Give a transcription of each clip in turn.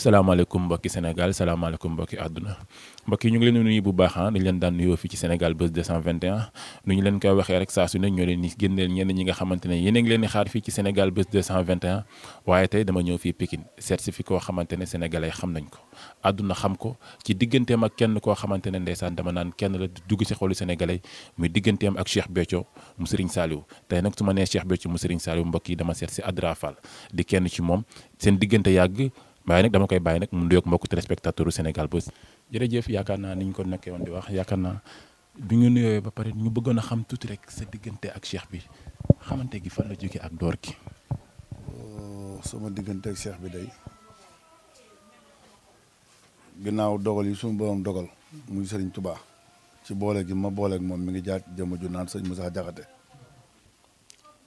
salaamaaleykum mbokki Sénégal salaamaaleykum mbokki àdduna mbokk yi ñu ngi leen nuyu bu baax ah, dañ leen daan nuyoo fii ci Sénégal Buzz 221 nu ñu leen koy waxee rek saa su ne ñoo leen ni génneel ñenn ñi nga xamante ne yéen a ngi leen di xaar fii ci Sénégal Buzz 221 waaye tey dama ñëw fii Pikine certifié koo xamante ne sénégalais xam nañ ko àdduna xam ko ci digganteem ak kenn koo xamante ne ndeysaan dama naan kenn la dugg ci xolu sénégalais muy digganteem ak Cheikh Béthio mu Serigne Saliou tey nag su ma nee Cheikh Béthio mu Serigne Saliou mbokk yi dama seet si Adra Fall di kenn ci moom seen diggante yàgg waaye nag dama koy bàyyi nag mu nuyoog mbokku téléspectateur u Sénégal Buzz jërëjëf yaakaar naa ni ñu ko nekkee woon di wax yaakaar naa bi ñu nuyooyee ba pare ñu bëggoon a xam tuuti rek sa diggante ak cheikh bi xamante gi fan la jógee ak door gi. Oh, diggante ak cheikh bi day ginnaaw dogal yi suñu borom dogal muy Serigne tubaa ci boole gi ma booleek moom mi ngi jaar jëmm ju naan sëñ Moussa Diakhaté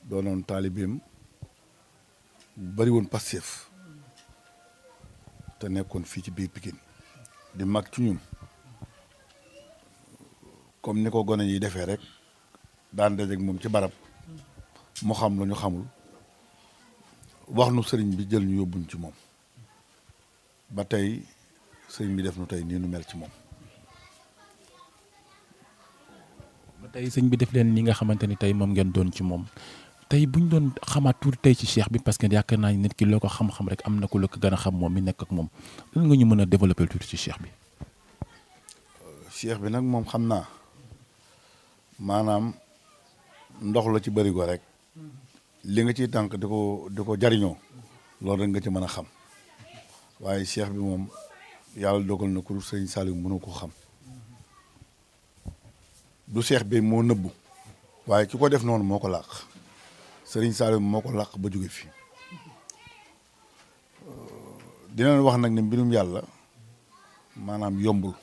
doonoon taalibeem bari woon Pastef te nekkoon fii ci biir Pikine di mag ci ñun comme ni ko gone yi defee rek daan dajeek moom ci barab mu xam lu ñu xamul wax nu sëriñ bi jël ñu yóbbuñ ci moom ba tey sëriñ bi def nu tey nii nu mel ci moom ba tey sëñ bi def leen ni nga xamante ni tey moom ngeen doon ci moom tey bu ñu doon xamaat tuuti tey ci Cheikh bi parce que yaakaar naa nit ki loo ko xam-xam rek am na ku la ko gën a xam moom mi nekk ak moom lan nga ñu mën a développer tuuti ci Cheikh bi. bi nag moom xam naa maanaam ndox la ci bëri rek li nga ciy tànk di ko di ko jariñoo loolu rek nga ci mën a xam waaye Cheikh bi moom yàlla dogal na ku sëñ Saliou mënu ko xam du Cheikh bi moo nëbbu waaye ki ko def noonu moo ko làq. Serigne Saliou moo ko làq ba jóge fi dinañ wax nag ni mbirum yàlla maanaam yombul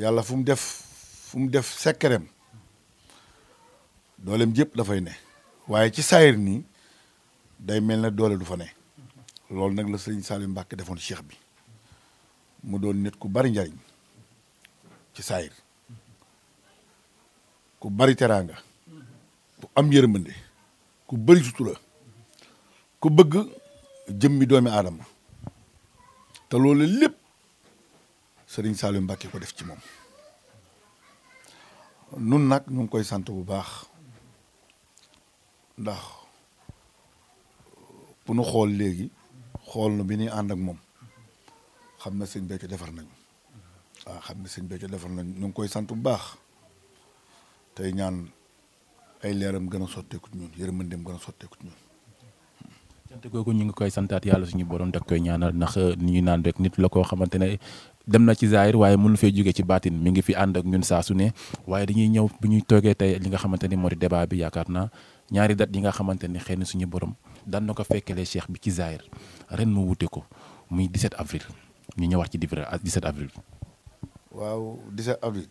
yàlla fu mu def fu def sekkereem dooleem jëpp dafay ne waaye ci saayir nii day mel ne doole du fa ne loolu nag la Serigne Saliou Mbacké defoon seex bi mu doon nit ku bari njariñ ci saayir ku bari teraanga ku am yërmande ku bëri sutura ku bëgg jëmmi doomi aadama te loolu lépp sëriñ Saliou Mbacké ko def ci moom nun nag ñu ngi koy sant bu baax ndax bu nu xool léegi xool na bi ñuy ànd ak moom xam na sëñ Béthio defar nañu waaw xam na sëñ Béthio defar nañu ñu ngi koy sant bu baax tey ñaan ay leeram gën a sotteeku ci ñun yërmandeem gën a sotteeku ci ñun. sant kooku ñu ngi koy santaat yàlla suñu borom da koy ñaanal ndax euh, ñu naan rek nit la koo xamante ne dem na ci zaahir waaye mënu fee jóge ci baatin mu ngi fi ànd ak ñun saa su ne waaye dañuy ñëw bu ñuy toogee tey li nga xamante ni moo di débat bi yaakaar naa ñaari dat yi nga xamante ni xëy na suñu borom daan na ko fekkelee cheikh bi ci zaahir ren mu wute ko muy 17 avril ñu ñëwaat ci 17 ah, avril. waaw 17 avril.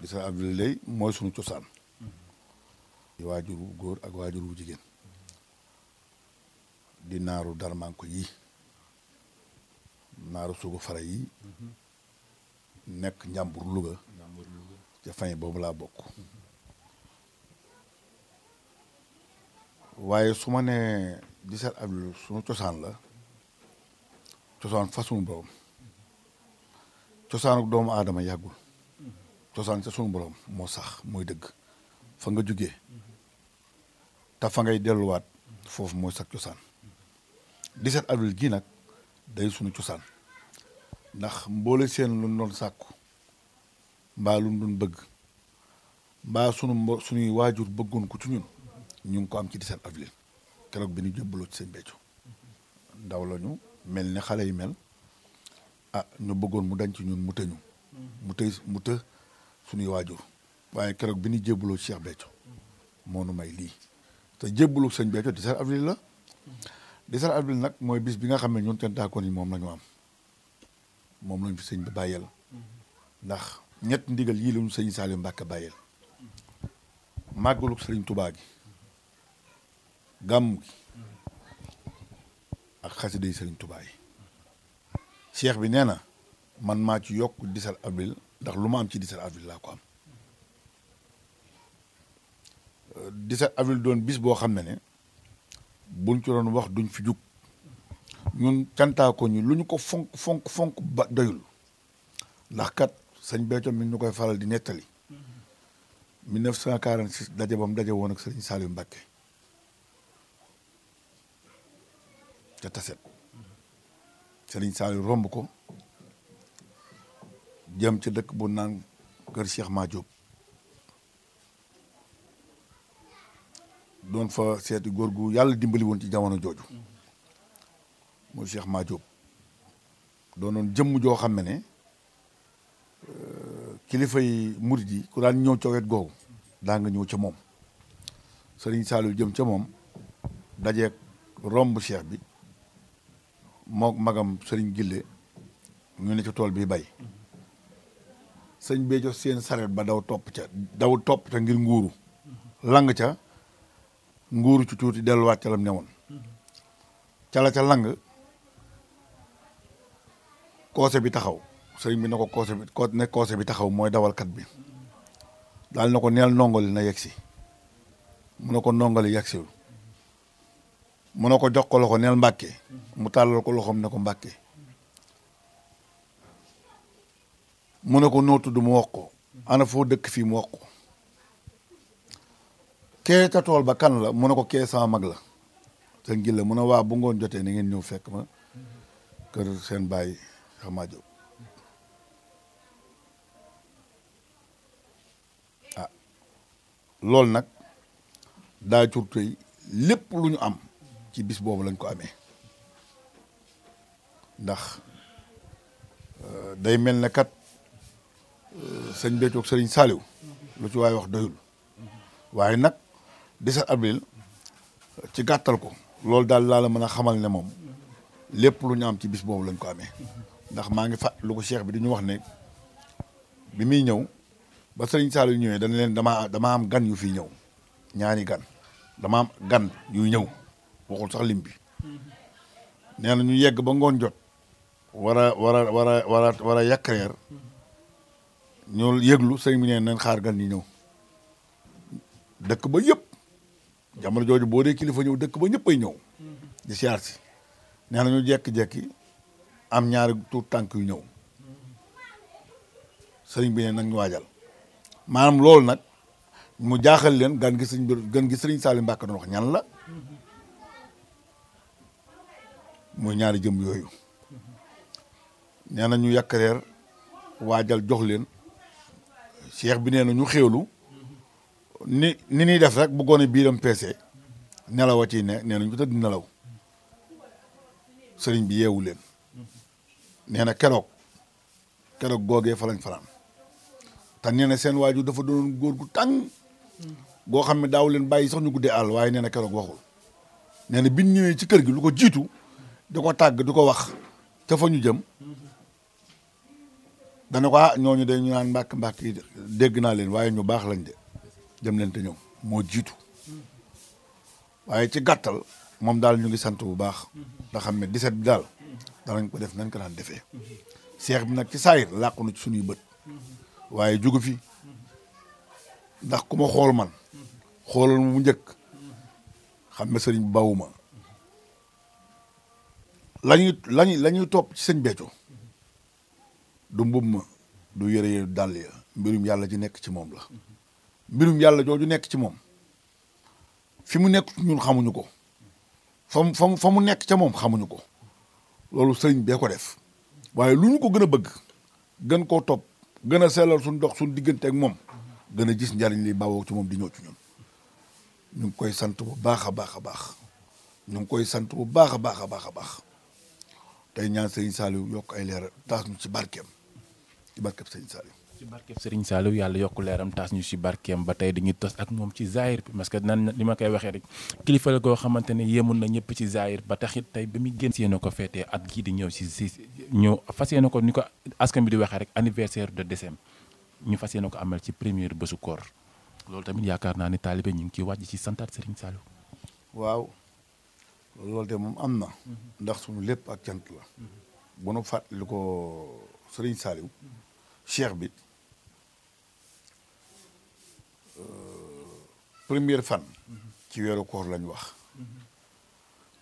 17 avril lay mooy suñu cosaan. waajur wu góor ak waajur wu jigéen di naaru darmanko yi naaru sugu fara yi nekk njàmbur Louga ca fañ boobu laa bokk waaye suma ma nee 17 ab sunu cosaan la cosaan fa sunu borom cosaanu doomu aadama yàggul mhm. cosaan ca sunu borom moo sax mooy dëgg fa nga jógee mhm. te fa ngay delluwaat foofu mooy sa cosaan set avril ji nag day sunu cosaan ndax mboole seen lu doon sàkku mbaa lu doon bëgg mbaa sunu mbo sunuy waajur bëggoon ko ci ñun ñu ngi ko am ci 17 avril keroog bi ñu jébbaloo ci seen beccu ndaw lañu mel ni xale yi mel a ah, nu bëggoon mu dañ ci ñun mu tëñu mu mu të sunuy waajur waaye keroog bi ñu jébbaloo ci Cheikh Béthio moo nu may lii te jébbalu sëñ Béthio 17 avril la 17 avril nag mooy bis bi nga xam ne ñun tentaakoon yi moom lañu ñu am moom lañ fi sëñ bi bàyyeel ndax ñett ndigal yii lañu sëñ Saliou Mbacke bàyyeel màggalu sëriñ tubaa gi gàmm gi ak xasida yi sëriñ Touba yi cheikh bi nee na man maa ci yokk 17 avril ndax lu ma am ci 17 avril laa ko am 17 avril doon bis boo xam ne ne buñ ci wax duñ fi jug ñun cantaa lu ñu ko fonk fonk fonk ba ndax kat sëñ Béthio mi ñu koy faral di nettali 1946 daje bam daje woon ak sëñ Saliou Mbacké ca taset sëriñ Saliou romb ko jëm ci dëkk bu naan kër Cheikh Madiop doon fa seeti góor gu yàlla dimbaliwoon ci jamono jooju muy Cheikh Ma Diop doonoon jëmm joo xam ne euh, kilifa yi murid yi ku daan ñëw ca wet googu daa nga ñëw ca moom Serigne Saliou jëm ca moom dajeeg romb Cheikh bi mook magam Serigne Gille ñu ne ca tool bi bay sëñ bee seen saret ba daw topp ca daw topp ca ngir nguuru lang ca nguur ci tuuti delluwaat calam ne woon cala ca koose bi taxaw sëriñ bi na ko koose bi ko ne koose bi taxaw mooy dawalkat bi daal na ko neel nongoli na yegsi mu ne ko nongoli yegsiwul mu ne ko jox ko loxo neel mbàkke mu tàllal ko loxoom ne ko mbàkke mu ne ko nootu tudd mu wax ko ana foo dëkk fii mu wax kee ca tool ba kan la mu ne ko kee sama mag la te ngi la mu ne waa bu ngoon jotee na ngeen ñëw fekk ma kër seen bàyyi sax maa loolu nag daa curtey lépp lu ñu am ci bis boobu lañ ko amee ndax euh, day mel ne kat euh, sëñ Béthio ak sëriñ lu ci waay wax doyul waaye nag 17 abril ci gàttal ko loolu daal laa la mën a xamal ne moom lépp lu ñu am ci bis boobu lañ ko amee ndax maa ngi fàttaliku ko cheikh bi di ñu wax ne bi muy ñëw ba sëriñ Saliou ñëwee dañ leen damaa damaa am gan yu fi ñëw ñaari gan dama am gan yu ñëw waxul sax lim bi nee na ñu yegg ba ngoon jot war a war a war a war a war a yàq ñu yëglu sëriñ bi nee nañ xaar gan yi ñëw dëkk ba yëpp jamono jooju boo dee kilifa ñëw dëkk ba ñëpp ay ñëw. di siyaar si nee ñu jekki-jekki am ñaari tuut tànk yu ñëw sëriñ bi ne nag ñu waajal maanaam loolu nag mu jaaxal leen gan gi sëriñ bi gan gi sëriñ Saali mbàkk doon wax ñan la muy ñaari jëm yooyu nee na ñu yàkk waajal jox leen cheikh bi nee na ñu xéewlu ni ni ñuy def rek bu gone biiram peese nelaw a ciy ne nee nañ ko tëdd nelaw sëriñ bi yeewu leen nee na keroog keroog googee fa lañ fanaan te nee na seen waajur dafa doon góor gu tàng goo xam ne daaw leen bàyyi sax ñu guddee àll waaye nee na keroog waxul nee na biñ ñëwee ci kër gi lu ko jiitu di ko tàgg di ko wax te fa ñu jëm dana ko ah ñooñu day ñu naan mbàkk mbàkk yi dégg naa leen waaye ñu baax lañ de dem leen te ñëw moo jiitu waaye ci gàttal moom daal ñu ngi sant bu baax nga xam ne diset bi daal danañ ko def nañ ko daan defee seex bi nag ci saayir làqu na ci suñuy bët waaye jugu fi ndax ku ma xool man xoolal mu njëkk xam ne sëriñ bawuma lañuy lañuy la ci sëñ becco du mbubb ma du yëre yëre dàll ya mbirum yàlla ci nekk ci moom la mbirum yàlla jooju nekk ci moom fi mu nekk ñun xamuñu ko fa mu fa mu nekk ca moom xamuñu ko loolu sëriñ bee ko def waaye lu ñu ko gën a bëgg gën koo topp gën a sellal suñ dox suñ diggante ak moom gën a gis njariñ li bawoo ci moom di ñëw ci ñun ñu ngi koy sant bu baax a baax a baax ñu ngi koy sant bu baax a baax a baax a baax tey ñaan sëriñ Saliou yokk ay leer taas ñu ci barkeem ci barkeem sëriñ Saliou ci barkeem Serigne Saliou yàlla yokk leeram taas ñu ci barkeem ba tey dañuy tos ak moom ci zaahir bi parce que nan li ma koy waxee rek kilifa la goo xamante ne yéemoon na ñëpp ci zaahir ba taxit tey ba muy génn. fas ko feetee at gii di ñëw si si ñëw fas yéene ko ni ko askan bi di waxee rek anniversaire de décembre ñu fas yéene ko amal ci première bésu koor loolu tamit yaakaar naa ne taalibe ñu ngi ciy wàcc ci santaat Serigne Saliou. waaw loolu de moom am na. Mhm. ndax suñu lépp ak cant la. Mhm. bu nu fàttali ko Serigne Saliou. cheikh bi. première fan ci weeru koor lañ wax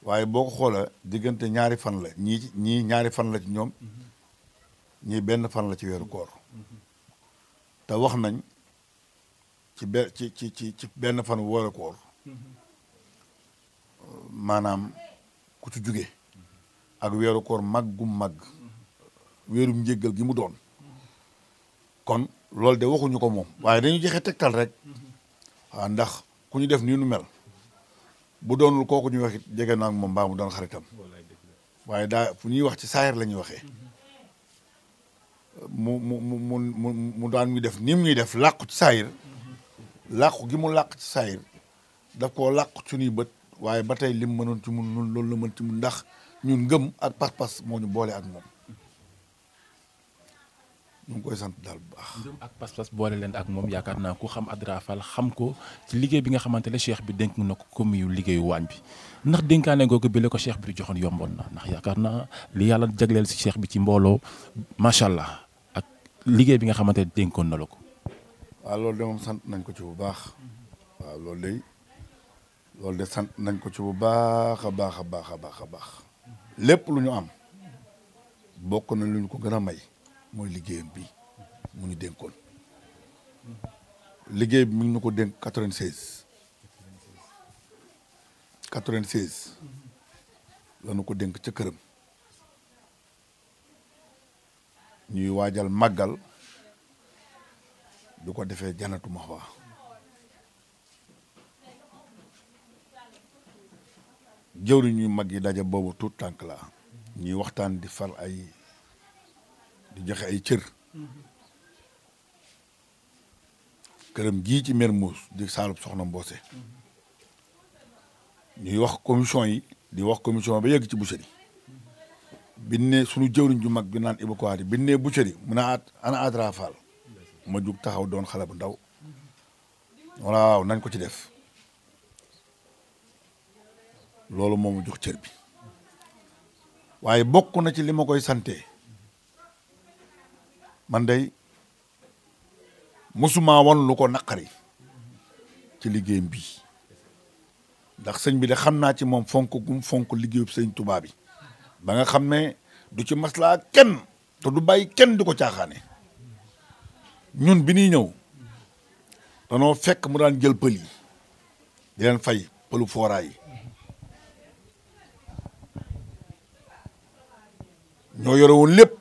waaye boo ko xoola diggante ñaari fan la ñii ñii ñaari fan la ci ñoom ñii benn fan la ci weeru koor te wax nañ ci ci ci ci ci benn fan weeru koor maanaam ku ci jóge ak weeru koor mag gum mag weerum njéggal gi mu doon kon loolu de waxuñu ko moom waaye dañu joxe tegtal rek waaw ndax ku ñu def nii nu mel bu doonul kooku ñu waxit jege naa moom mbaa mu doon xaritam waaye daa fu ñuy wax ci saayir la ñuy waxee mu mu mu mu mu daan ñu def ni ñuy def làqu ci saayir làqu gi mu làq ci saayir daf koo làqu suñuy bët waaye ba tey lim mënoon ci mu loolu la mën ci mun ndax ñun ngëm ak pas-pas moo ñu boole ak moom ñu ngi koy sant daal bu baax. ngëm ak pas-pas boole leen ak moom yaakaar naa ku xam Adra Fall xam ko ci liggéey bi nga xamante ne cheikh bi dénk na ko comme yu liggéeyu waañ bi ndax dénkaane googu bi la ko seex bi di joxoon yomboon na ndax yaakaar naa li yàlla jagleel si cheikh bi ci mbooloo macha allah ak liggéey bi nga xamante ne dénkoon na ko. waaw loolu sant nañ ko ci bu baax. waaw loolu de loolu de sant nañ ko ci bu baax a baax a baax a baax a baax lépp lu ñu am bokk nañ lu ñu ko gën a may. mooy liggéeyam bi mu ñu dénkoon liggéey bi mu ngi ñu ko dénk 96 96 la ñu ko dénk ca këram ñuy waajal màggal du ko defee janatuma janatu Mahwa jëwri ñuy mag yi daje boobu tout tànk la ñuy waxtaan di far ay di joxe ay cër këram jii ci Mermoz di saalub soxna Mboose ñuy wax commission yi di wax commission ba yegg ci boucherie bi ne sunu jëwriñ ju mag bi naan Ibou Kouati bu ne boucherie mu ne at ana Adra Fall ma jug taxaw doon xale bu ndaw waaw nañ ko ci def loolu moomu jox cër bi waaye bokk na ci lima koy sante man day musuma won lu ko naqari ci liggéeyam bii ndax sëñ bi de xam naa ci moom fonk gum fonk liggéeyub sëñ Tuubaa bi ba nga xam ne du ci maslaa kenn te du bàyyi kenn du ko caaxaane ñun bi ñuy ñëw danoo fekk mu daan jël pël yi di leen fay pëlu fooraa ñoo yore lépp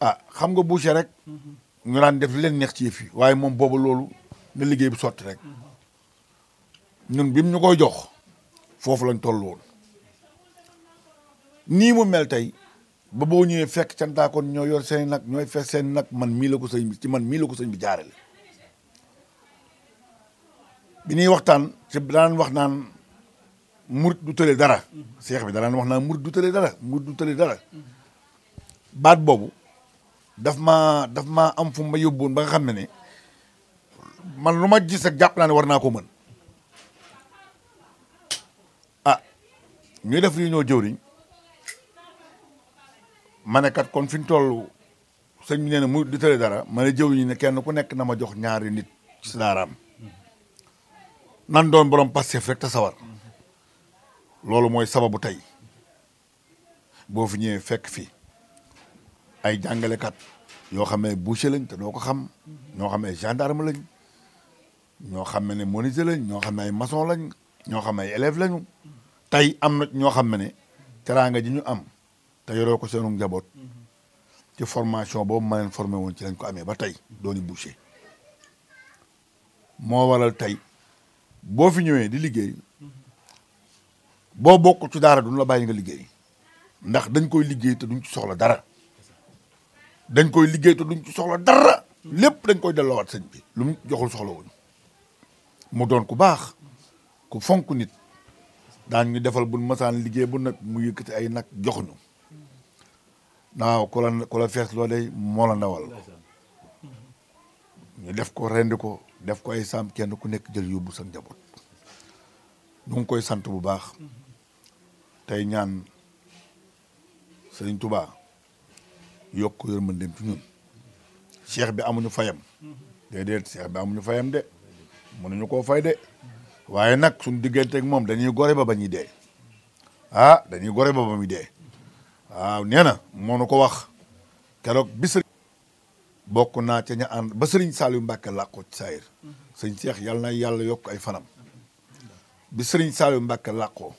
ah xam nga boucher rek mhm. ñu daan def leen neex ci yëf waaye moom boobu loolu na liggéey bu sotti rek mhm. ñun bim ñu koy jox foofu lañ toll nii mu mel tey ba boo ñëwee fekk cantaakoon ñoo yor seen nag ñooy fekk seen nag man mii ko sëñ bi ci man mii la ko sëñ bi jaarale bi ñuy waxtaan ci daan wax naan murit du tële dara seex mhm. bi danaan wax naan murit du tële dara murit du tële dara baat boobu daf ma daf ma am fu ma yóbbuwoon ba nga xam ne ne man lu ma gis ak jàpp naa ne war naa ko mën ah ñuy def réunion jëwriñ ma nekkat kon fi ñu toll sëñ bi nee mu di tële dara ma ne jëwriñ ne kenn ku nekk na ma jox ñaari nit ci daaraam nan doon borom Pastef rek te sawar loolu mooy sababu tey boo fi ñëwee fekk fii ay jàngalekat yoo xam ne boucher lañ te doo ko xam ñoo xam ne gendarme lañ ñoo xam ne menuisier lañ ñoo xam ne ay maçon lañ ñoo xam ne ay élève lañu tey am na ñoo xam ne teraanga ji ñu am te yoroo ko seenu njaboot ci formation boobu ma leen formé woon ci lañ ko amee ba tey dooni boucher moo waral tey boo fi ñëwee di liggéey boo bokk ci daara duñ la bàyyi nga liggéey ndax dañ koy liggéey te duñ ci soxla dara dañ koy liggéey te duñ ci soxla dara lépp dañ koy delloo delloowaat sañ bi lu mu joxul soxla wuñ mu doon ku baax ku fonk nit daan ñu defal bu masaan liggéey bu nag mu yëkkati ay nag joxuñu naaw ku la ku la fees loo day moo la ndawal ñu def ko rend ko def ko ay saam kenn ku nekk jël yóbbu sa njaboot ñu ngi koy sant bu baax tey ñaan sëriñ tubaa yokk yërmandeem ci ñun cheikh bi amuñu fayam déedéet cheikh bi amuñu fayam de koo fay de waaye nag suñu digganteeg moom dañuy gore ba ba ñuy dee ah dañuy gore ba ba muy dee waaw nee na moo nu ko wax keroog bis bokk naa ca ña ànd ba sëriñ Saliou Mbacke làqoo ci saayir sëñ Cheikh yàlla na yàlla yokk ay fanam bi saal Saliou Mbacke làqoo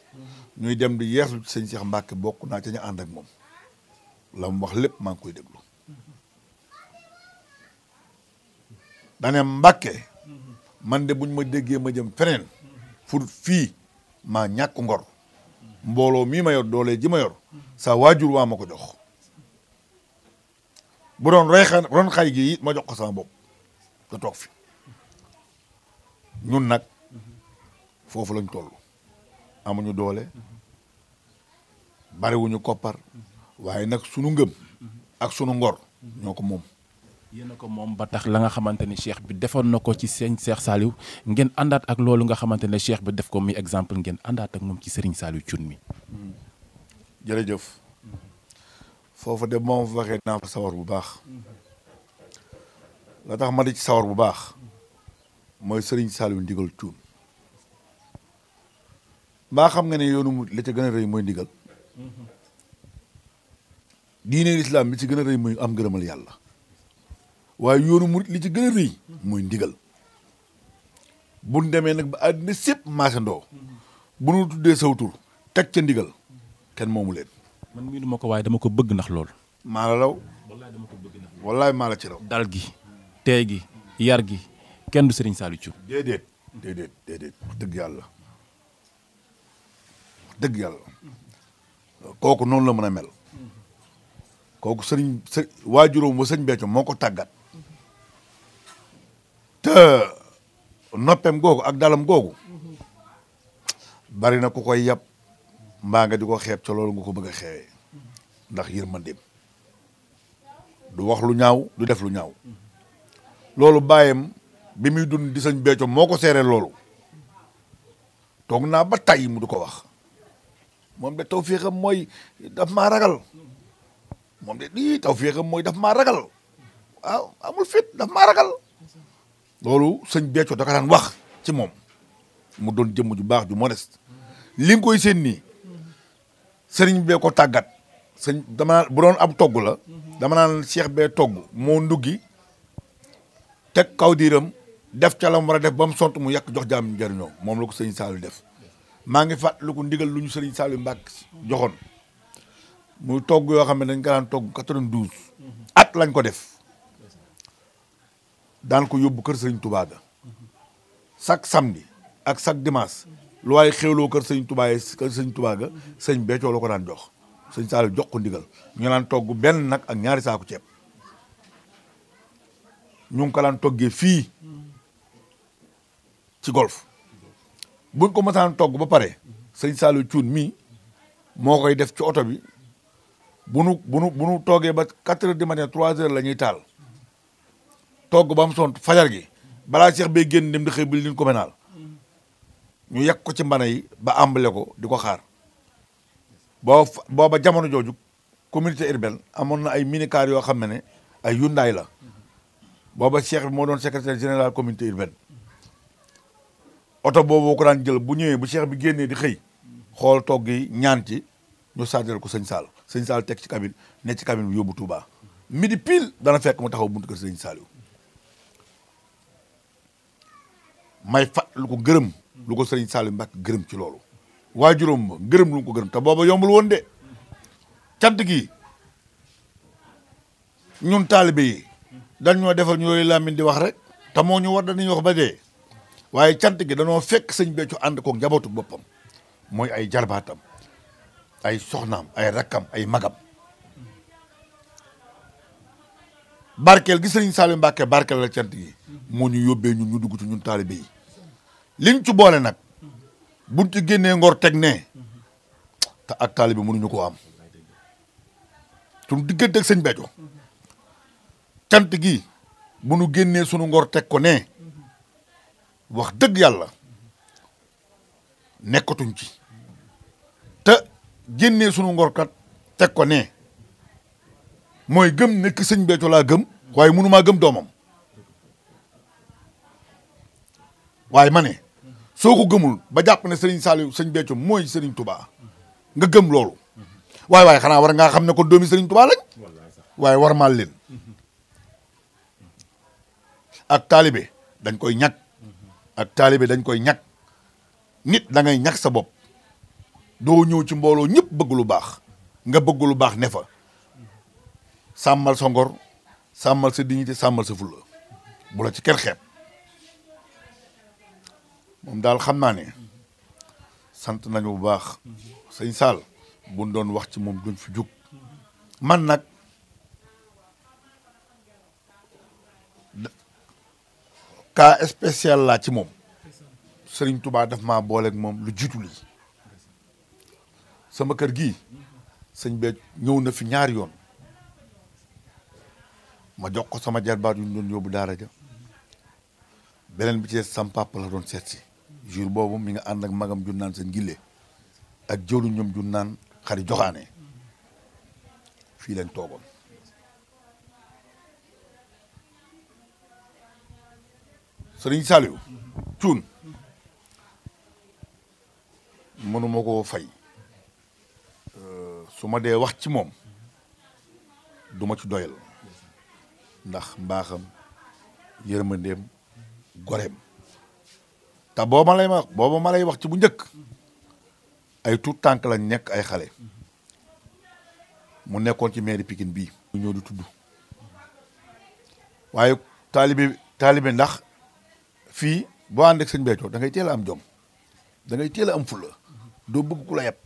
ñuy dem di yeeslu sëñ Cheikh Mbacke bokk naa ca ña ànd moom la mu wax lépp maa ngi koy déglu dane mbàkke man de buñ ma déggee ma jëm feneen fur fii maa ñàkk ngor mbooloo mii ma yor doole ji ma yor sa waajur waa ma ko jox bu doon rey ron xay gi ma jox ko sama bopp nga toog fi ñun nag foofu lañ toll amuñu doole bariwuñu koppar waaye nag sunu ngëm ak sunu ngor ñoo ko moom. yéen a ko moom ba tax la nga xamante ni cheikh bi defoon na ko ci seen Cheikh Saliou ngeen àndaat ak loolu nga xamante ne cheikh bi def ko muy exemple ngeen àndaat ak moom ci Serigne Saliou Thioune mi. Hmm. jërëjëf foofu de moom waxee naa fa sawar bu baax la tax ma di ci sawar bu baax mooy sëriñ Saliou ndigal Thioune mbaa xam nga ne yoonu li ca gën a rëy mooy ndigal. diine lislaam li ci gën a rëy mooy am gërëmal yàlla waaye yoonu mu li ci gën a rëy mooy ndigal bu demee nag ba àddina sépp maasandoo bu nu tuddee sawtur teg ca ndigal kenn moomu leen man mii du ma ko waaye dama ko bëgg ndax lool maa la law wallaay dama bëgg ndax wallaay ci raw dal gi tey gi yar gi kenn du Serigne Saliou Thioub déedéet déedéet déedéet wax yàlla wax dëgg yàlla kooku noonu la mën a mel kooku sëriñ së waajuróom wa sëñ Béthio moo ko tàggat te noppem googu ak dalam googu bari na ku koy yàpp mbaa nga di ko xeeb ca loolu nga ko bëgg a xeewee ndax yërmandeem du wax lu ñaaw du def lu ñaaw loolu bàyyam bi muy dund di sëñ Béthio moo ko seeree loolu toog naa ba tàyyi mu du ko wax moom de tawféexam mooy daf maa ragal moom de lii taw feexam mooy daf maa ragal waaw amul fit daf maa ragal loolu sëñ Béthio da ko daan wax ci moom mu doon jëmm ju baax ju modeste li nga koy seen nii sëriñ bee ko tàggat sëñ dama bu doon ab togg la dama naan Cheikh bee togg moo nduggi teg kaw diiram def ca la mu war a def ba mu sont mu yàq jox jaam njëriñoo moom la ko sëñ saalu def maa ngi fàttaliku ndigal lu ñu sëriñ Saliou Mbacke joxoon mu togg yoo xam ne dañ ko daan togg 92. at lañ ko def daan ko yóbbu kër sëñ Touba ga chaque ak chaque dimanche lu waaye xéwloo kër sëñ Touba yi kër sëñ Béthio la ko daan jox sëñ Saliou jox ko ndigal ñu daan togg benn nag ak ñaari saaku ceeb ñu ngi ko daan toggee fii ci golf buñ ko mësaan togg ba pare sëñ Saliou Thioune mii moo koy def ci oto bi bu nu bu nu toogee ba quatre heures de matin trois heures la ñuy taal toog ba mu sont fajar gi balaa seex bay génn dem di xëy building communal ñu yekk ko ci mbana yi ba ambale ko di ko xaar boo booba jamono jooju communauté urbaine amoon na ay minicar yoo xam ne ne ay Hyundai la booba seex bi moo doon secretaire général communauté urbaine oto boobu ko daan jël bu ñëwee bu seex bi génnee di xëy xool togg yi ñaan ci ñu saajal ko sëñ Sall sëñ Saliou teg ci cabine ne ci cabine bi yóbbu Touba midi pile dana fekk mu taxaw buntu kër sëñ Saliou may fat lu ko gërëm lu ko sëriñ Saliou Mbacke gërëm ci loolu waajuróom ba gërëm lu ko gërëm te booba yombul woon de cant gi ñun taalibe yi dañ ñoo defal ñu yooyu làmmiñ di wax rek te moo ñu war dañuy wax ba dee waaye cant gi danoo fekk sëñ beccu ànd koog njabootu boppam mooy ay jarbaatam ay soxnaam ay rakkam ay magam barkeel gi sëriñ Saliou Mbacke barkeel la cant yi ñu yóbbee ñun ñu dugg ci ñun taalibe yi liñ ci boole nag buñ ci génnee ngor teg ne te ak taalibe mënuñu koo am suñu diggante ak sëñ Béthio cant gi bu nu génnee sunu ngor teg ko ne wax dëgg yàlla nekkatuñ ci génnee sunu ngorkat teg ko ne mooy gëm nekk sëñ Béthio laa gëm waaye mënumaa gëm doomam waaye ma ne soo ko gëmul ba jàpp ne sëriñ sali sëñ Béthio mooy sëriñ Touba nga gëm loolu waaye waay xanaa war ngaa xam ne ko doomi sëriñ Touba lañ waaye war maal leen ak taalibe dañ koy ñàkk ak taalibe dañ koy ñàkk nit dangay ngay sa bopp doo ñëw ci mbooloo ñëpp bëgg lu baax nga bëgg lu baax ne fa sàmmal sa ngor sàmmal sa dignité sàmmal sa fulla bu la ci kenn xeeb moom daal xam naa ne sant nañu bu baax sëñ Saal buñ doon wax ci moom duñ fi jug man nag cas spécial laa ci moom Sëriñ Tubaa daf maa booleeg moom lu jiitu lii sama kër gi sëñ be ñëw na fi ñaari yoon ma jox ko sama jarbaat yu ñu doon yóbbu daara ja beneen bi ci sam papa la doon seet si jour boobu mi nga ànd ak magam jun naan seen gille ak jëwlu ñoom jun naan xari joxaane fii lañ toogoon sëriñ Saliou cuun mënuma koo fay su ma dee wax ci moom du ma ci doyal ndax mbaaxam yërmandeem goreem te booba lay ma booba ma lay wax ci bu njëkk ay tuut tànk lañ nekk ay xale mu nekkoon ci mairie Pikine bii mu ñëw di tudd waaye taalibe ndax fii boo ànd sëñ Béthio dangay ngay teel a am jom dangay ngay a am fulla doo bëgg ku la yeb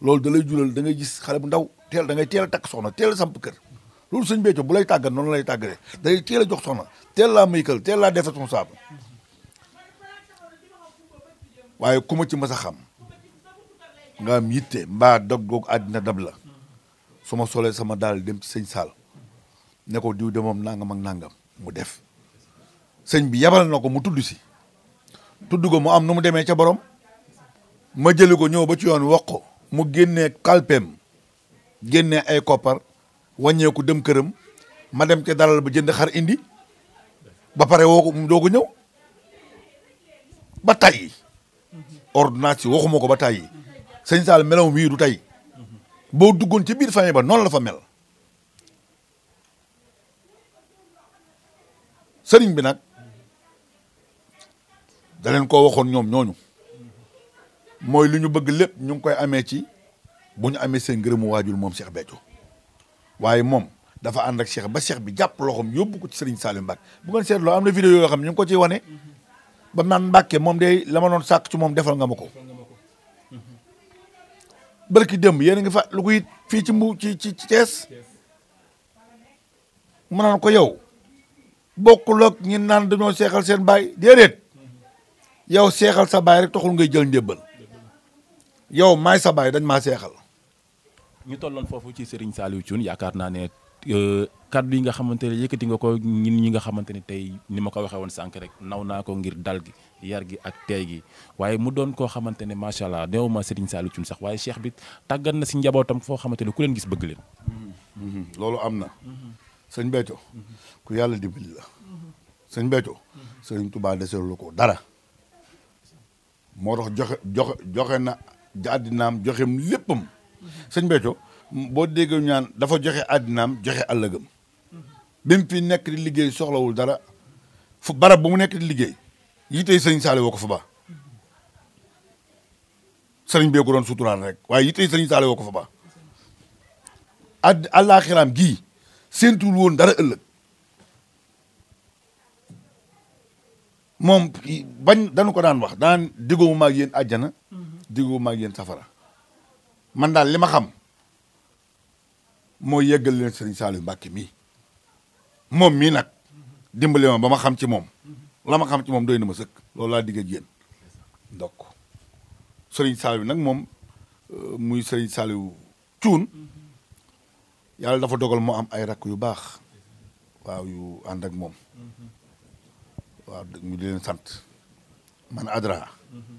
loolu da lay jural da gis xale bu ndaw teel da ngay teel a takk soxna teel a samp kër loolu sëñ Béthio bu lay tàggat noonu lay tàggatee da lay teel a jox soxna teel laa maykal teel laa def responsable waaye ku ma ci mas a xam nga am yitte mbaa àddina dab la ma solee sama daal dem ci sëñ Saal ne ko diw de moom nangam man nangam mu def sëñ bi yabal na ko mu tudd si tudd ko mu am nu mu demee ca borom ma jëli ko ñëw ba ci yoon wax mu génnee kalpeem génnee ay koppar wàññeeku dem këram ma dem ca dalal ba jënd xar indi ba pare woo ko doo ko ñëw ba tey ordonnance yi waxuma ko ba tey sëñ Saal melaw wii du tey boo duggoon ci biir famille ba noonu la fa mel sëriñ bi nag da ko koo waxoon ñoom ñooñu mooy li ñu bëgg lépp ñu ngi koy amee ci bu amee seen ngërëmu waajul moom seex Béthio waaye moom dafa ànd ak Cheikh ba Cheikh bi jàpp loxoom yóbbu ko ci Serigne Saliou Mbacke bu ngeen seetloo am na vidéo yoo xam ne ñu ko ciy wane ba naan ke moom day la ma doon sàkk ci moom defal nga ma ko barki démb yéen a ngi fa lu fii ci mbu ci ci Thiès mu naan ko yow bokkul ak ñi naan dañoo seexal seen baay déedéet yow seexal sa baay rek taxul ngay jël njëbbal yow maay sa baay dañ maa seexal. ñu tolloon foofu ci Serigne Saliou Thioune yaakaar naa ne euh, kaddu yi nga xamante ne yëkkati nga ko ñin ñi nga xamante ne tey ni ma ko waxee woon rek naw naa ko ngir dal gi yar gi ak tey gi waaye mu doon koo xamante ne macha allah néew ma Serigne Saliou Thioune sax waaye Cheikh bi tàggat na si njabootam foo xamante ne ku leen gis bëgg leen. Mm-hmm. Mm-hmm. loolu am na. Mm-hmm. sëñ Béthio ku yàlla dimbali la. sëñ Béthio sëñ Touba deseelu ko dara moo tax joxe joxe na. àddinaam joxem léppam sëñ Béthio boo déggee ñaan dafa joxe àddinaam joxe àllëgam bi mu fi nekk di liggéey soxlawul dara fu barab bu mu nekk di liggéey yi tey sëñ Saaliw woo ko fu ba sëriñ bee ko doon suturaan rek waaye yi tey sëñ Saaliw ko fa ba ad gii séentuwul woon dara ëllëg moom bañ dañu ko daan wax daan diggoomu maag yéen àjjana diggu ma ak safara man daal li ma xam moo yeggal leen sëriñ Saliou Mbacké mii moom mii nag dimbali ma ba ma xam ci moom la ma xam ci moom doy na ma sëkk loolu laa digg ak yéen donc sëriñ Saliou nag moom euh, muy sëriñ Saliou cuun yàlla dafa dogal mu am ay rakk yu baax waaw yu ànd ak moom mm-hmm. waaw ñu di leen sant man Adra mm-hmm.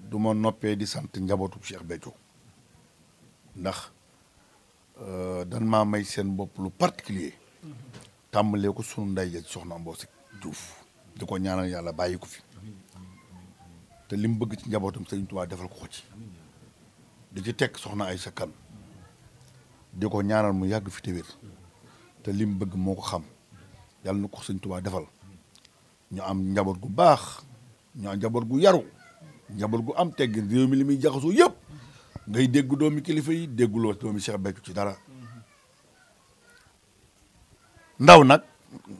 du ma noppee di sant njabootu Cheikh Béthio ndax euh, dan maa may seen bopp lu particulier tàmbalee ko sunu nday ja soxna Mboose Diouf di ko ñaanal yàlla bàyyi ko fi te li bëgg ci njabootam Sëriñ Tuubaa defal ko ko ci di ci teg soxna Aysa Kan di ko ñaanal mu yàgg fi te wér te li bëgg moo ko xam yàlla na ko Sëriñ Tuubaa defal ñu am njaboot gu baax ñu am njaboot gu yaru njaboot gu am teggin réew mi li muy jaxasoo yëpp ngay dégg doomi kilifa yi dégguloo doomi Cheikh Béthio ci dara ndaw nag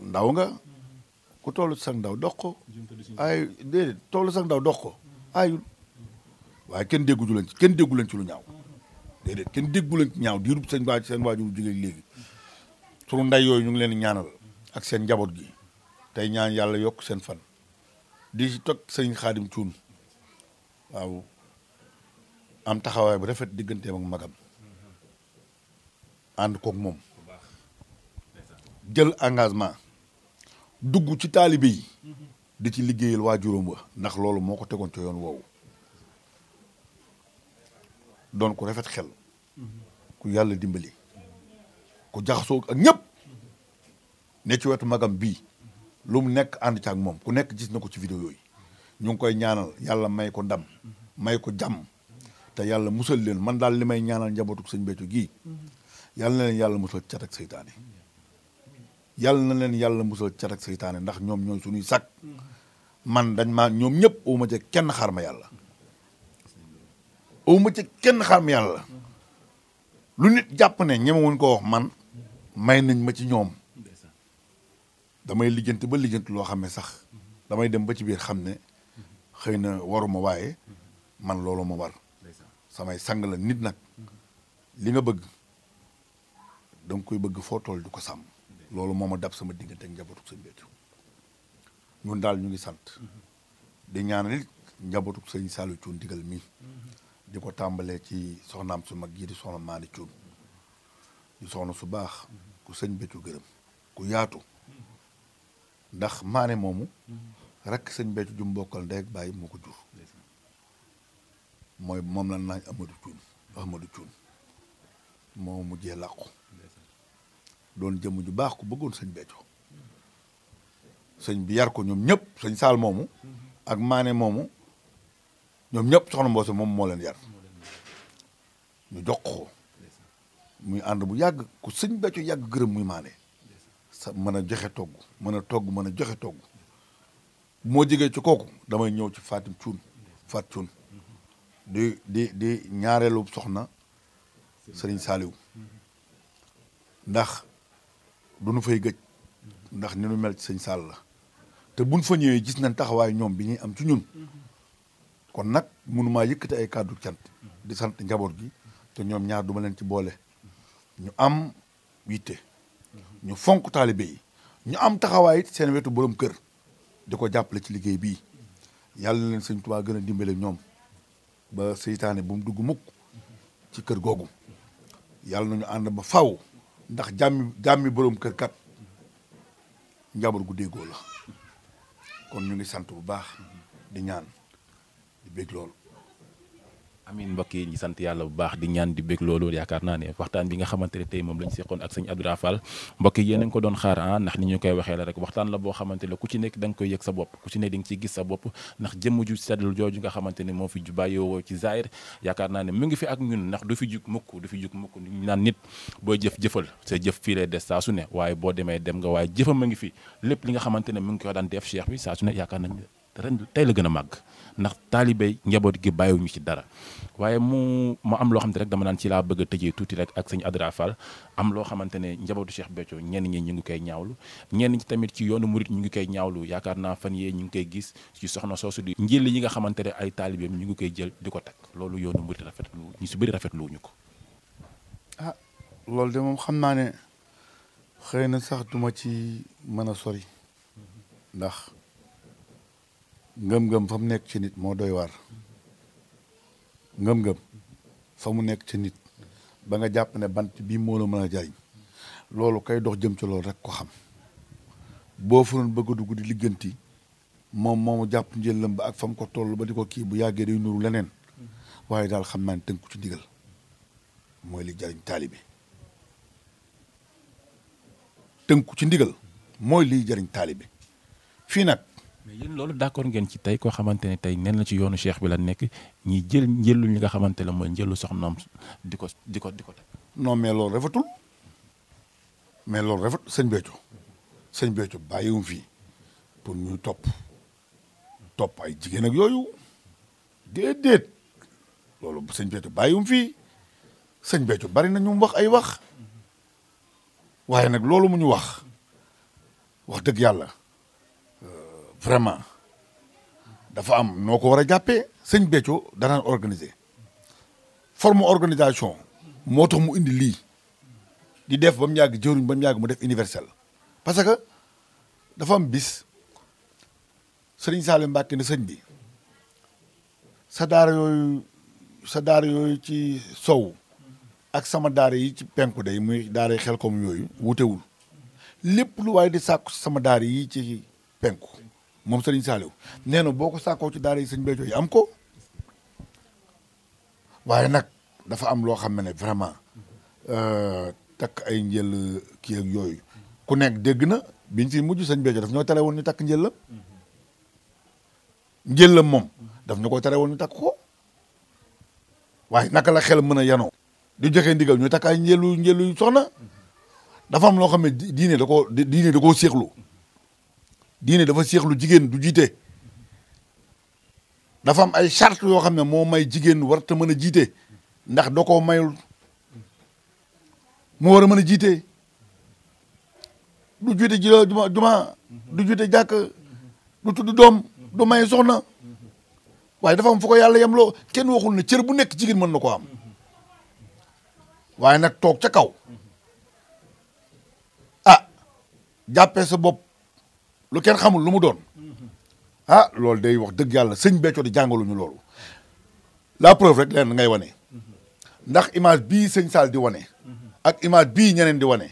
ndaw nga ku toll sax ndaw dox ko ay déedéet toll sax ndaw dox ko ayul waaye kenn dégguju leen ci kenn déggu leen ci lu ñaaw déedéet kenn déggu leen ci ñaaw diirub seen waa seen waajur jóge léegi sunu nday yooyu ñu ngi leen ñaanal ak seen njaboot gi tey ñaan yàlla yokk seen fan di ci toj sëñ xaadim waaw am taxawaay bu rafet digganteem ak magam ànd koog moom jël engagement dugg ci taalibe yi di ci liggéeyal waajuram wa ndax loolu moo ko tegoon ci yoon woowu doon ku rafet xel ku yàlla dimbali ku jaxasoo ak ñëpp ne ci wetu magam bii lu mu nekk ànd ci ak moom ku nekk gis na ko ci vidéo yooyu ñu ngi koy ñaanal yàlla may ko ndam may ko jàmm te yàlla musal leen man daal li may ñaanal njabootu sëñ Béthio gii yàlla na leen yàlla musal cat ak seytaane yàlla na leen yàlla musal cat ak seytaane ndax ñoom ñooy suñuy sag man dañ ma ñoom ñëpp awuma ci kenn xaar ma yàlla awuma ci kenn xaar yàlla lu nit jàpp ne ñemewuñ ko wax man may nañ ma ci ñoom damay lijjanti ba lijjanti loo xam ne sax damay dem ba ci biir xam ne xëy na waruma waaye man loolu ma war samay sang la nit nag li nga bëgg da nga koy bëgg foo tool di ko sàmm loolu moom ma dab sama diggante ak njabootu sëñ Béthio ñun daal ñu ngi sant di ñaanal njabootu sëñ Saliou Thioune digal mi di ko tàmbalee ci soxnaam su mag yi di soxna Maani Thioune di soxna su baax ku sëñ Béthio gërëm ku yaatu ndax maane moomu rakk sëñ Béthio jum bokkal ndey ak bàyyi moo ko jur mooy moom la naañ Amadou Thioune Amadou Thioune moo mujjee làqu doon jëmm ju baax ku bëggoon sëñ Béthio sëñ bi yar ko ñoom ñëpp sëñ Saal moomu ak Maane moomu ñoom ñëpp soxna Mboose moom moo leen yar ñu jox ko muy ànd bu yàgg ku sëñ Béthio yàgg gërëm muy Maane sa mën a joxe togg mën a togg mën a joxe togg moo jegee ci kooku damay ñëw ci Fatim Cuun Fat Cuun di di ñaareelu soxna Sëriñ Saaliw ndax du nu fay gëj ndax ni nu mel ci sëñ Saal la te buñ fa ñëwee gis nañ taxawaay ñoom bi ñuy am ci ñun kon nag yëkk yëkkati ay kàddu cant di sant njaboot gi te ñoom ñaar duma leen ci boole ñu am yitte ñu fonk taalibe yi ñu am taxawaay seen wetu borom kër di ko jàppale ci liggéey bi yàlla na leen sëñ Tuubaa gën a dimbale ñoom ba seytaane bu mu dugg mukk ci kër googu yàlla nañu ànd ba faw ndax jàmmi jàmmi boroom kër kat njaboot gu déggoo la kon ñu ngi sant bu baax di ñaan di bég loolu amin mbokk yi ñu sant yàlla bu baax di ñaan di bég loolu yaakaar naa ne waxtaan bi nga xamante ne tey moom lañ seqoon ak sëñ Abdoulaye Fall mbokk yi ko doon xaar ah ndax ni ñu koy waxee la rek waxtaan la boo xamante ne ku ci nekk da nga koy yëg sa bopp ku ci nekk di nga ciy gis sa bopp ndax jëmm ju seddal jooju nga xamante ne moo fi ju bàyyoowoo ci zaahir yaakaar naa ne mu ngi fi ak ñun ndax du fi jug mukk du fi jug mukk ñu naan nit booy jëf jëfal sa jëf fii lay des saa su ne waaye boo demee dem nga waaye jëfam a ngi fi lépp li nga xamante ne mu ngi ko daan def cheikh bi saa su ne yaakaar nañ ren tey la gën a màgg ndax taalibe njaboot gi bàyyiwuñu ci dara waaye mu ma am loo xam ne rek dama naan ci laa bëgg tëjee tuuti rek ak sëñ Adra Fall am loo xamante ne njabootu seex Béthio ñenn ñi ñu ngi koy ñaawlu ñenn ñi tamit ci yoonu murit ñu ngi koy ñaawlu yaakaar naa fan yee ñu ngi koy gis ci soxna soosu di njël yi nga xamante ne ay taalibeem ñu ngi koy jël di ko teg loolu yoonu murit rafetlu ñu si bëri rafetluwuñu ko ah loolu de moom xam naa ne xëy na sax duma ci mën a sori ndax ngëm-ngëm fa mu nekk ci nit moo doy waar ngëm-ngëm fa mu nekk ci nit ba nga jàpp ne bant bii moo la mën a jariñ loolu kay dox jëm ci loolu rek ko xam boo furoon bëgg a dugg ligganti moom moomu jàpp njëllam ba ak fa mu ko toll ba di ko kii bu yàggee day nuru leneen waaye daal xam naa tënku ci ndigal mooy li jariñ taalibe tënku ci ndigal mooy liy jariñ taalibe fii nag mais yéen loolu d'accord ngeen ci tey koo xamante ne tey nen la ci yoonu cheikh bi la nekk ñi jël njëllu ñi nga xamante la mooy njëllu soxnaam di ko di ko di ko def non mais loolu rafetul mais loolu rafet sëñ sëñbeetu sëñ Béthio bàyyiwum fii pour ñuy topp topp ay jigéen ak yooyu déedéet loolu sëñ Béthio fii sëñ bari na ñu wax ay wax waaye nag loolu mu ñu wax wax dëgg yàlla vraiment dafa am noo ko war a jàppee sëñ Béthio danaan organiser forme organisation moo tax mu indi lii di def ba mu yàgg jëruñ ba mu yàgg mu def universel parce que dafa am bis sëriñ Saliou Mbacke ne sëñ bi sa daara yooyu sa daar yooyu ci sow ak sama daar yi ci penku day muy daar yi xel kom yooyu wutewul lépp lu waaye di sàkku sama daar yi ci penku moom Serigne Saliou nee na boo ko sàkkoo ci daara yi sëñ Béthio am ko waaye nag dafa am loo xam ne ne vraiment euh, takk ay njël kii ak yooyu ku nekk dégg na biñ fi mujj sëñ Béthio daf ñoo tere woon ñu takk njëllam njëllam moom daf ñu ko tere woon ñu takk ko waaye naka la xel mën a yanoo di joxe ndigal ñu takk ay njëlu njëlu soxna dafa am loo xam ne diine da koo diine da koo séexlu diine dafa seexlu jigéen du jiite dafa am ay charte yoo xam ne moo may jigéen warta mën a jiite ndax da koo mayul mu war a mën a jiite du jiite ji juma juma du jiite jàkk du tudd doom du may soxna waaye dafam am fu ko yàlla yem loo kenn waxul na cër bu nekk jigéen mën na ko am waaye nag toog ca kaw ah jàppee sa bopp lu kenn xamul lu mu doon ah loolu day wax dëgg yàlla sëñ Béthio di jàngaluñu loolu la preuve rek leen ngay wane ndax image bii sëñ Sall di wane ak image bii ñeneen di wane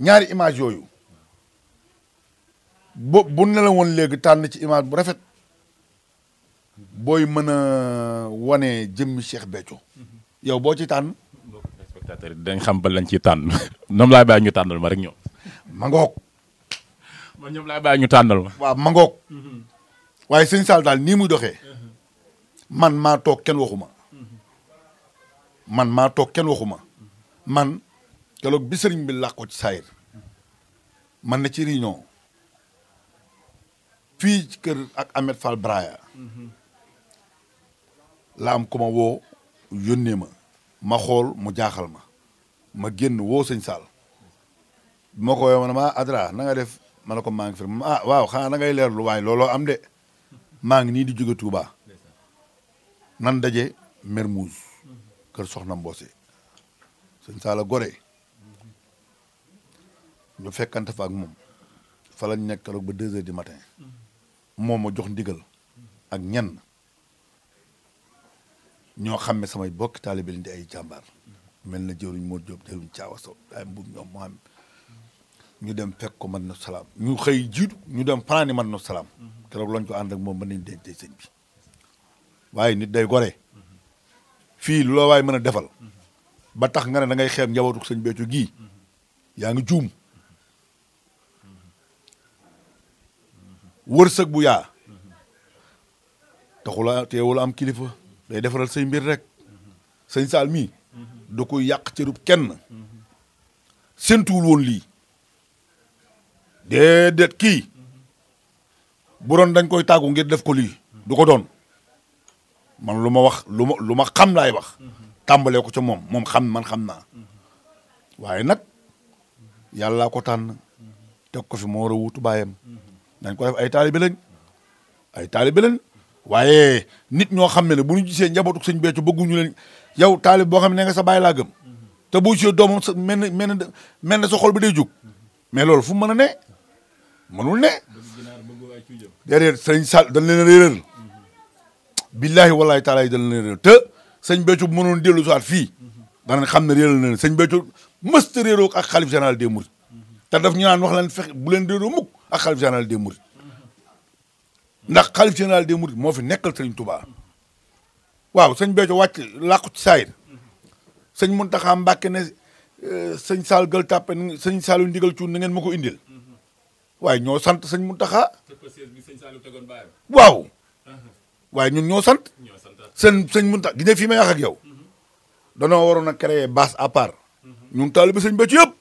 ñaari image yooyu bu bu ne woon léegi tànn ci image bu rafet booy mën a wane jëmmi Cheikh Béthio yow boo ci tànn. spectateur dañ xam ba lañ ciy tànn ñoom laay bàyyi ñu tànnal ma rek ñoom. ma man ñoom laay bàyyi ñu tànnal ma. waa ma ngoog. waaye sëñ Sall daal nii muy doxee. man maa toog kenn waxuma man maa toog kenn waxuma man keroog bi sëriñ bi làqoo ci saayir man na ci réunion fii ci kër ak Ahmed Fall Braya la am ku ma woo yónnee ma ma xool mu jaaxal ma ma génn woo sëñ Sall moo ko ma ne ma Adra na def ma ko maa ngi fi ah waaw xanaa da ngay leer lu waay looloo am de maa ngi nii di jóge Touba nan daje Mermoz kër Soxna Mboose sëñ Saala Gore ñu fekkante fa ak moom fa lañ nekk keroog ba deux heures du matin moo ma jox ndigal ak ñenn ñoo xam ne samay bokk taalibe lañ di ay jàmbaar mel na jëwriñ Mor Diop jëwriñ Thiawaso ay mbub ñoom moo ñu dem fekk ko man na salaam ñu xëy jiitu ñu dem fanaani man na salaam mhm. keroog lañ ko ànd ak moom mën nañ denc sëñ bi waaye nit day gore mhm. fii lu la mën a defal mhm. ba tax nga ne dangay ngay xeeb njabootu sëñ Béthio gii yaa ngi juum wërsëg bu yaa taxula teewul am kilifa day defaral say mbir rek sëñ Saal mii du koy yàq cërub kenn séntuwul woon lii déedéet kii bu dañ koy tàggu ngir def ko lii du ko doon man lu ma wax lu ma lu ma xam laay wax tàmbalee ko ca moom moom xam man xam naa waaye nag yàllaa ko tànn teg ko fi moo war a baayam dañ ko def ay taalibe lañ ay taalibe lañ waaye nit ñoo xam ne ne bu ñu gisee njabootu sëñ Béthio bëgguñu leen yow taalib boo xam ne nga sa baay laa gëm te bu gisee doomam sa mel na mel na sa xol bi day jóg mais loolu fu mu mën a ne mënul ne. déedéet sëñ Sall dañ leen a réeral. Mhm. billahi wallahi taala yi dañ leen a réeral te sëñ Béthio mënoon dellu si waat fii. Mhm. danañ xam ne réeral na leen sëñ Béthio mësta réeroo ak xalif général des Mourides. Mhm. te daf ñu wax leen fex bu leen réeroo mukk ak xalif général des Mourides. ndax xalif général des Mourides moo fi nekkal sëñ Touba. waaw sëñ Béthio wàcc làqu ci saayir sëñ Mountakha Mbacké ne euh, sëñ Sall gël tàppe sëñ Saalu ndigal cuun na ngeen ma ko indil. waaye ñoo sant sëñ mun Muntaxa waaw uh-huh. waaye ñun ñoo sant seen sëñ Muntaxa gis nga fii may wax ak yow uh-huh. danoo waroon a créer base à part uh-huh. ñun taalibe sëñ Béthio yëpp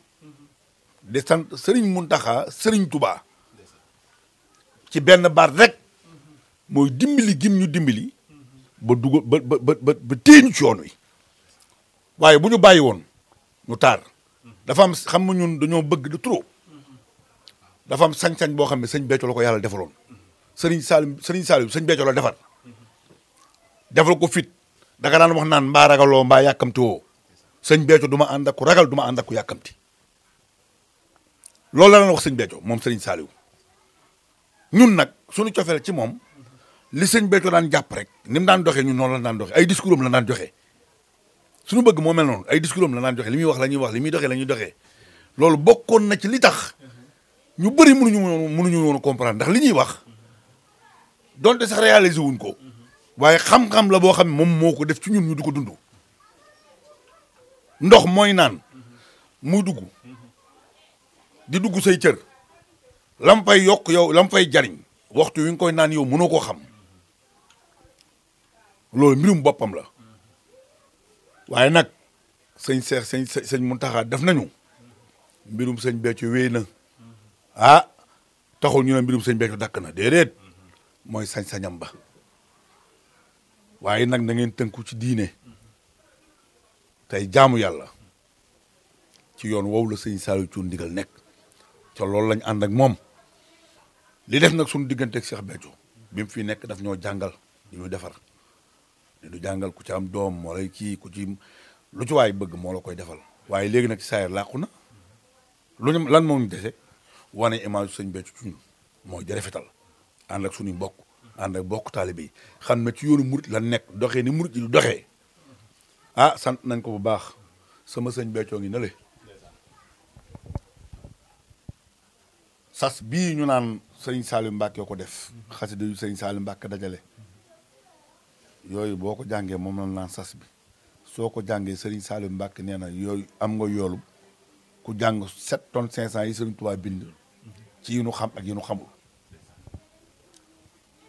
di sant sëriñ Muntaxa sëriñ Touba ci benn baat rek mooy dimbali gim ñu dimbali ba dugal ba ba ba ñu ci yoon wi waaye bu ñu bàyyi woon ñu taar dafa am xam nga ñun dañoo bëgg de trop. dafa am sañ-sañ boo xam ne sëñ Béthio la ko yàlla defaloon sëriñ Salim sëriñ Salim sëñ Béthio la defar defal ko fit daga nga daan wax naan mbaa ragaloo mbaa yàkkamti woo sëñ Béthio du ma ànd ak ku ragal duma ma ànd ak ku yàkkamti loolu la daan wax sëñ Béthio moom sëriñ Saliou ñun nag sunu cofeel ci moom li sëñ Béthio daan jàpp rek ni mu daan doxee ñun noon la naan doxee ay discours am la naan joxe suñu bëgg moo mel noon ay discours la naan joxe li muy wax la ñuy wax li muy doxee la ñuy doxee loolu bokkoon na ci ñu bëri mënuñu mënuñu woon comprendre ndax li ñuy wax donte sax réaliser wuñ ko waaye xam-xam la boo xam ne moom moo ko def ci ñun ñu di ko dund ndox mooy naan muy dugg di dugg say cër lam fay yokk yow lam fay jariñ waxtu wi nga koy naan yow mënoo koo xam loolu mbirum boppam la waaye nag sëñ Seex sëñ sëñ Muntaxa def nañu mbirum sëñ Béthio wéy na ah taxul ñu ne mbirum sëñ Béthio dakk na déedéet mooy sañ-sañam ba waaye nag nangeen ngeen tënku ci diine tey jaamu yàlla ci yoon woowu la sëñ Saliou Thioune ndigal nekk ca loolu lañ ànd ak moom li def nag suñu digganteeg Cheikh Béthio bi mu fi nekk daf ñoo jàngal di ñu defar di jàngal ku ci am doom moo lay kii ku ci lu ci waay bëgg moo la koy defal waaye léegi nag ci saayir làqu na lu lan moo ñu dese wane image sëñ becc ci ñun mooy di rafetal ànd ak suñu mbokk ànd ak bokk taalibe yi xam ne ci yoonu murit la nekk doxee ni murit yi du doxee ah sant nañ ko bu baax sama sëñ beccoo ngi ne le sas bii ñu naan sëñ Saliou yoo ko def xasida yu sëñ Saliou Mbacke dajale yooyu boo ko jàngee moom la naan sas bi soo ko jàngee sëriñ Saliou Mbacke nee na yooyu am nga yoolu ku jàng sept tonnes cinq cent yi sëriñ Tuubaa bind ci yu nu xam ak yu nu xamul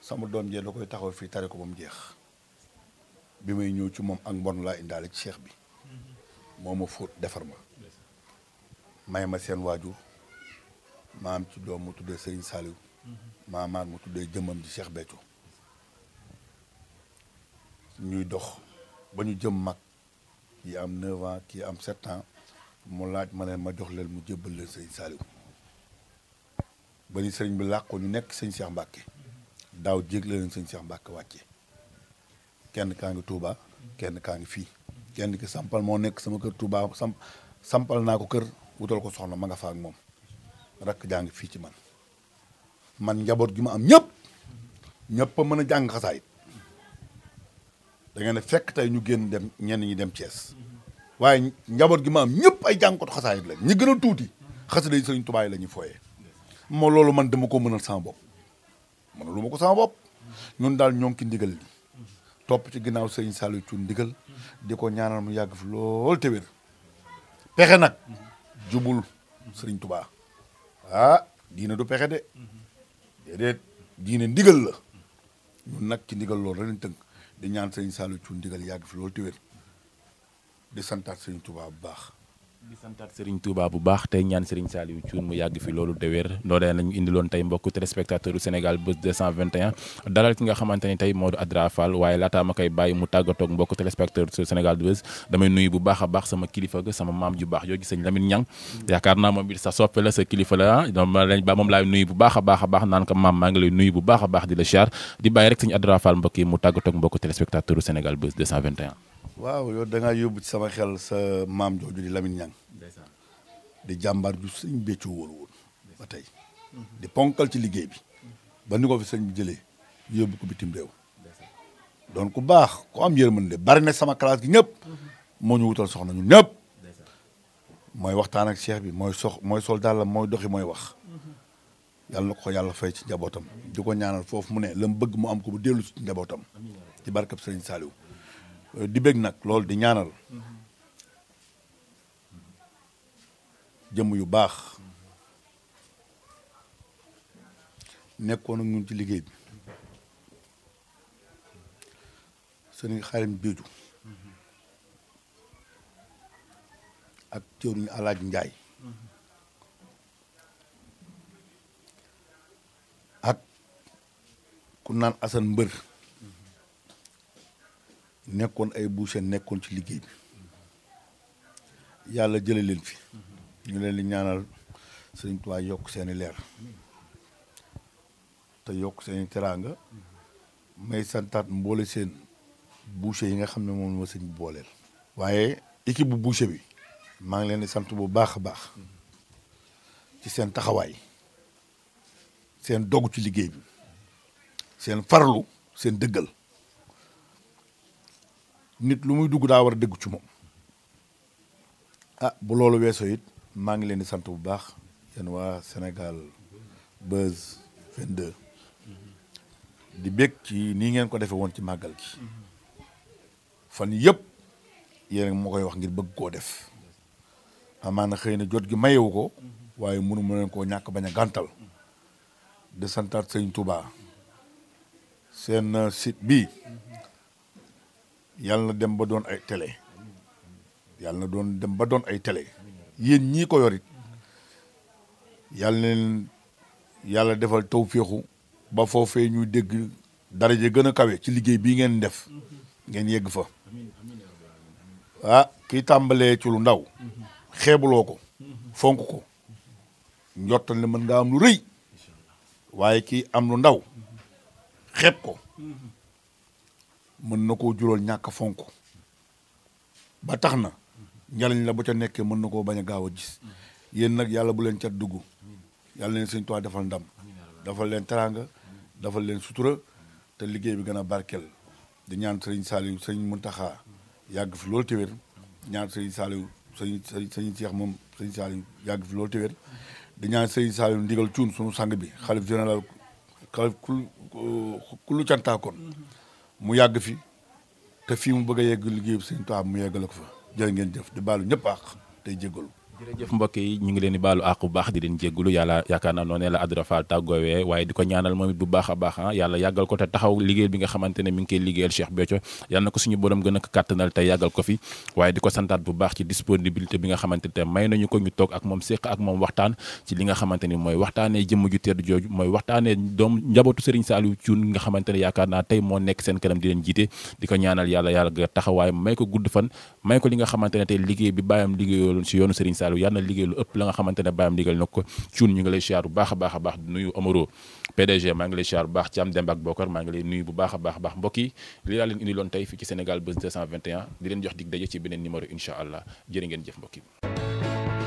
sama doom jee la koy taxaw fii tari ko ba mu jeex bi may ñëw ci moom ak mbon laa indaale ci cheikh bi moo ma fóot defar ma may ma seen waajur ma am ci doom mu tuddee Serigne Saliou maa mu tuddee jëmmam ji seex Béthio ñuy dox ba ñu jëm mag kii am 9 ans kii am 7 mu laaj ma leen ma jox leen mu jébbal leen Serigne Saliou ba ni sëriñ bi làqu ñu nekk sëñ seex Mbacke daaw jégle leen sëñ Cheikh Mbacke wàcce kenn kaa ngi tuubaa kenn kaa ngi fii kenn ki sampal moo nekk sama kër Touba sam sampal naa ko kër wutal ko soxna ma nga fa moom rakk jaa ngi fii ci man man njaboot gi ma am ñëpp ñëpp a mën a jàng xasaayit da fekk tey ñu génn dem ñenn ñi dem cees waaye njaboot gi ma am ñëpp ay jàngkot xasaayit lañ ñi gën a tuuti xasida yi sëriñ Touba yi la ñuy fooyee moo loolu man dama ko mënal sama bopp lu ma ko sama bopp ñun daal ñoo ngi ci ndigal li topp ci ginnaaw sëñ Saliou Thioune ndigal di ko ñaanal mu yàgg fi lool te wér pexe nag jubul sëriñ Touba ah diine du pexe de déedéet diine ndigal la ñun nag ci ndigal loolu ren tënk di ñaan sëriñ Saliou Thioune ndigal yàgg fi lool te wér di santaat sëriñ Touba bu baax di santaat Serigne bu baax tey ñaan Serigne Saliou Thioune fi loolu de wér loolee lañu indiloon tey mbokku téléspectateur u Sénégal Buzz 221 dalal ki xamante ni tey Modou Adra Fall waaye laataa ma koy mu tàggatoog mbokku téléspectateur u Sénégal Buzz damay nuyu bu baax a baax sama kilifa ga sama maam ju baax jooju sëñ Lamine Niang yaakaar naa moom it sa soppe la ah. ba a baax a baax naan ngi lay nuyu bu baax a baax di la char di bàyyi rek sëñ Adra Fall mbokk yi mu tàggatoog mbokku téléspectateur u Sénégal Buzz 221 waaw yow da yóbbu ci sama xel sa maam jooju di Lamine Niang di jàmbaar ju sëñ Béthio wóor woon ba tey di ponkal ci liggéey bi ba ni ko fi sëñ bi jëlee yóbbu ko bitim réew doon ku baax ku am yërmande bari na sama classe gi ñëpp moo ñu wutal soxna ñu ñëpp mooy waxtaan ak cheikh bi mooy sox mooy soldat mooy doxi mooy wax yàlla na ko yàlla fay ci njabootam di ko ñaanal foofu mu ne la mu bëgg mu am ko bu dellu ci njabootam ci barkab sëriñ saaliw di bëgg nag loolu di ñaanal jëmm yu baax nekkoon ak ñun ci liggéey bi sëriñ Xarim Béju ak cëruñu Alaaji Njaay ak ku naan Asan Mbër nekkoon ay boucher nekkoon ci liggéey bi yàlla jële leen fi ñu leen di ñaanal sëriñ Tuubaa yokk seeni leer te yokk seeni teraanga may santaat mboole seen boucher yi nga xam ne moom ma sëñ booleel waaye équipe buuse bi maa ngi leen sant bu baax a baax ci seen taxawaay seen dogu ci liggéey bi seen farlu seen dëggal nit lu muy dugg daa war a dégg ci moom ah bu loolu weesoo it maa ngi leen di sant bu baax yéen waa Sénégal Buzz 22 di bég ci nii ngeen ko defee woon ci màggal gi fan yëpp yéen moo koy wax ngir bëgg koo def amaana xëy na jot gi mayewu ko waaye mënu mu leen koo ñàkk bañ a gàntal de santaat sëñ tubaa seen sit bii yàlla na dem ba doon ay tele yàlla na doon dem ba doon ay tele yéen ñii ko yorit yàlla na yàlla defal tawféexu ba foofee ñuy dégg daraja gën a kawe ci liggéey bi ngeen def ngeen yegg fa ah kii tàmbalee ci lu ndaw xeebuloo ko fonk ko njottal ne mën nga am lu rëy waaye kii am lu ndaw xeeb ko mën na koo jural ñàkk fonk ba tax na njariñ la bu ca nekkee mën na koo bañ a gaaw a gis yéen nag yàlla bu leen cat dugg yàlla leen sëñ Tuubaa defal ndam defal leen teraanga dafal leen sutura te liggéey bi gën a barkeel di ñaan sëriñ Saliou sëriñ Muntaxa yàgg fi loolu téwér ñaan sëriñ Saliou sëriñ sëriñ Seex moom sëriñ Saliou yàgg fi loolu téwér di ñaan sëriñ Saliou ndigal cuun suñu sang bi xalif général xalif ku lu cantaakoon mu yàgg fi te fii mu bëgg a yegg liggéeyu Sëñ Tuubaa mu yeggale ko fa jërë ngeen jëf di baalu ñëpp àq tey jéggalu jërëjëf mbokk yi ñu ngi leen di baalu àq bu baax di leen jéggulu yàlla a baax ah yàlla yàggal taxaw ne mi ngi koy liggéeyal Cheikh Béthio yàlla a kàttanal te yàggal ko fi waaye di ko santaat bu baax ci disponibilité bi nga xamante ne may nañu ko ñu toog ak moom nga xamante ni mooy waxtaanee naa tey moo nekk seen kanam di leen jiite di ko ñaanal yàlla yàlla taxawaay may gudd fan may ko li nga xamante tey liggéey bi bàyyam liggéeyaloon si yoonu Serigne Saliou yàlla na liggéey lu ëpp la nga xamante ne liggéey na ko cuun ñu ngi lay siyaar baax a baax a baax nuyu Omaro PDG maa ngi lay siyaar baax Thiam Demba ak Bokar maa ngi lay nuyu bu baax a baax a baax mbokk yi li laa leen indi loon tey fii ci Sénégal Buzz 221 di leen jox dig daje ci beneen numéro incha allah jërë ngeen jëf mbokk yi